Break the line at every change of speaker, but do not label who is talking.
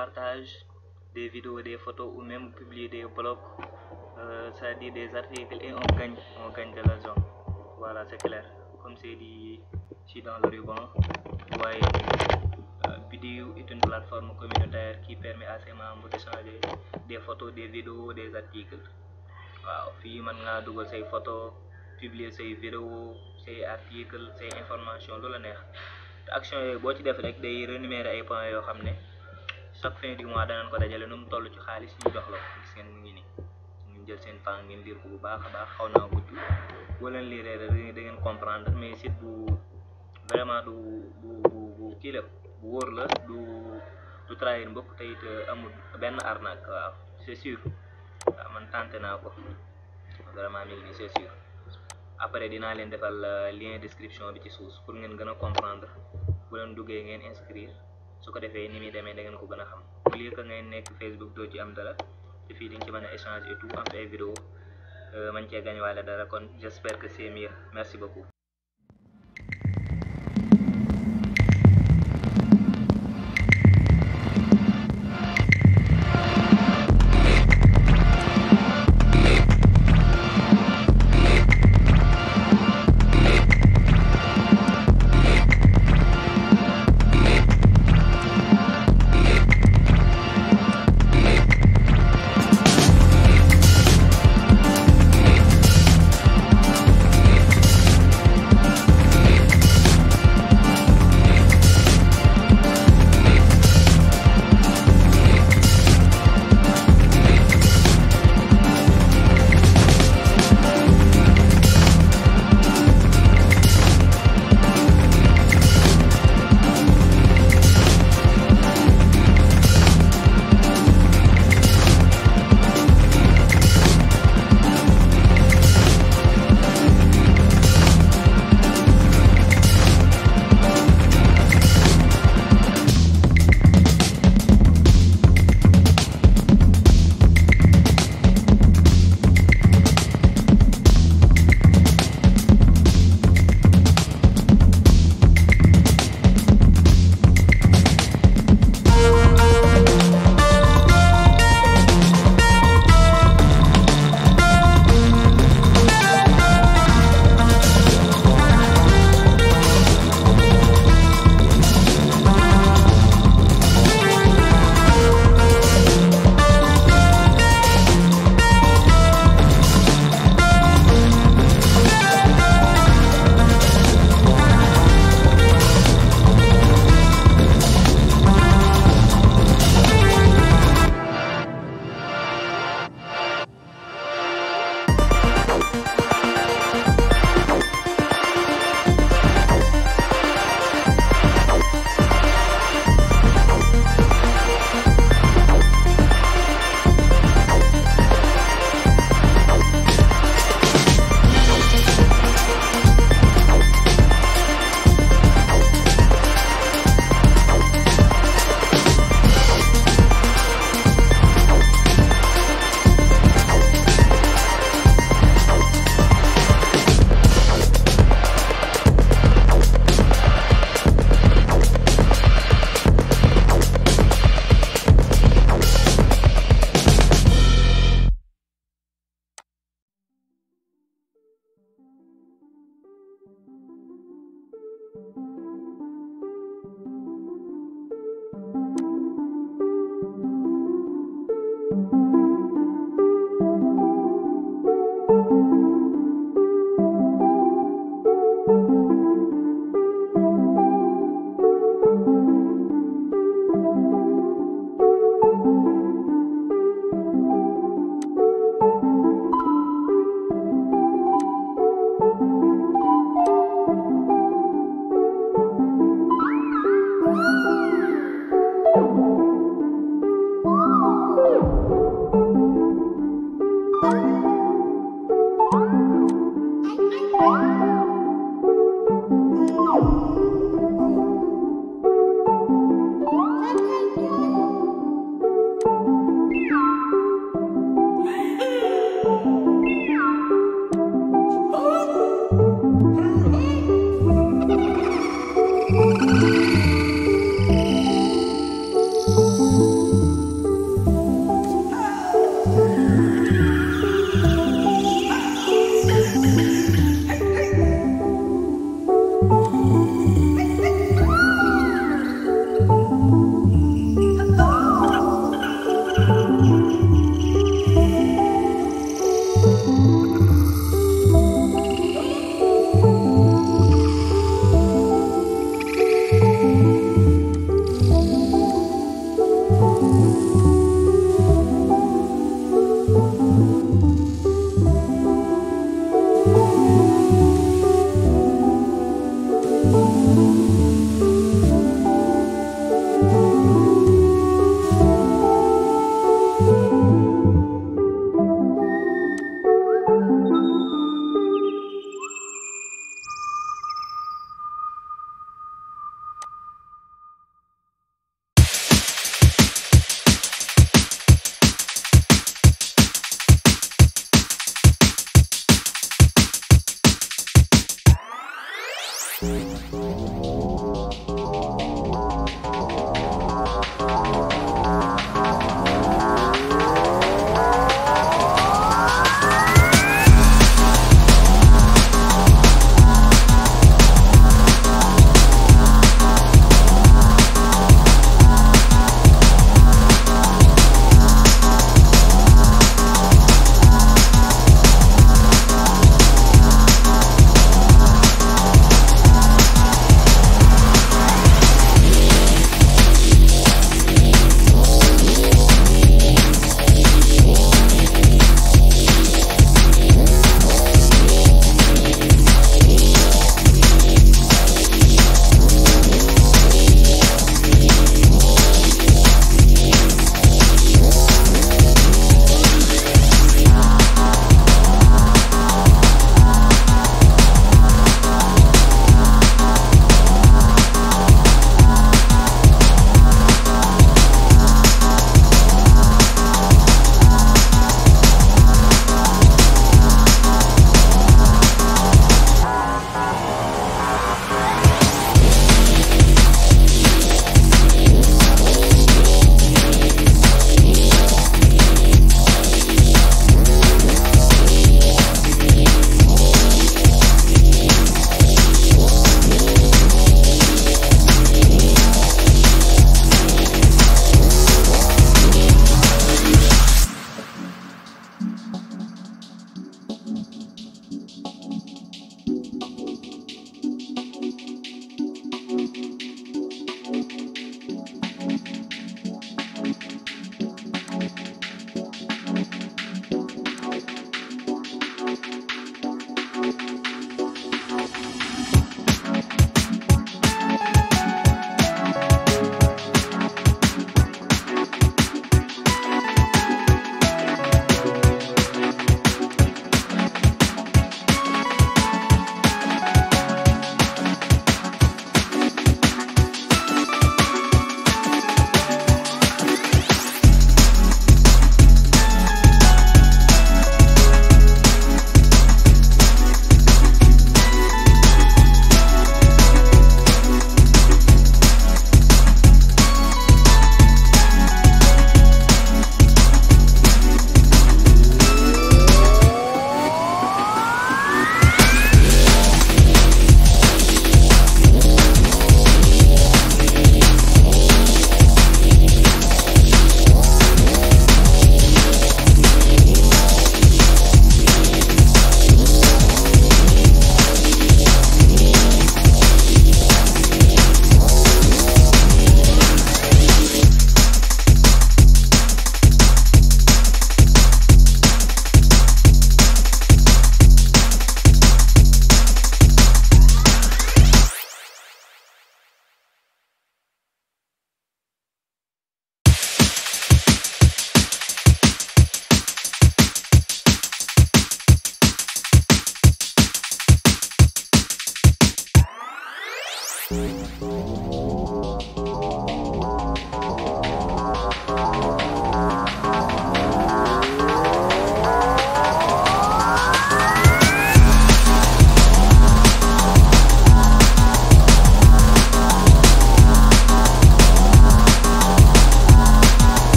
partage des vidéos, des photos ou même publier des blogs, euh, à dire des articles et on gagne, on gagne de l'argent. Voilà, c'est clair. Comme c'est dit ici dans le ruban, vous euh, est une plateforme communautaire qui permet à ses membres de d'échanger des photos, des vidéos, des articles. waaw puis maintenant, publier ces vidéos, ces articles, ces informations, l'action est neex te action points fin di muadanan kota ko dajale nu mu toll ci xaalis ñu jox la gis ngeen mu ngi ni ngeen jël seen temps ngeen lire ko bu baax baax xaw naa gudd wala lire da ngeen comprendre mais site bu vraiment du bu bu bu kii la bu wóor la du du trahir mbokk te it amul benn arnaque waaw c'est sûr waaw man tenté naa ko vraiment mi ngi ni c'est sûr après dinaa leen defal lien description bi ci suuf pour ngeen gën a comprendre bu leen duggee ngeen inscrire su ko defee ni muy demee da ngeen ko gën a xam au lieu que ngay nekk Facebook doo am dara te fii dañ ci mën a échange et tout am ay vidéo euh, man cee gañwaale dara kon j'espère que c'est merci beaucoup Thank you.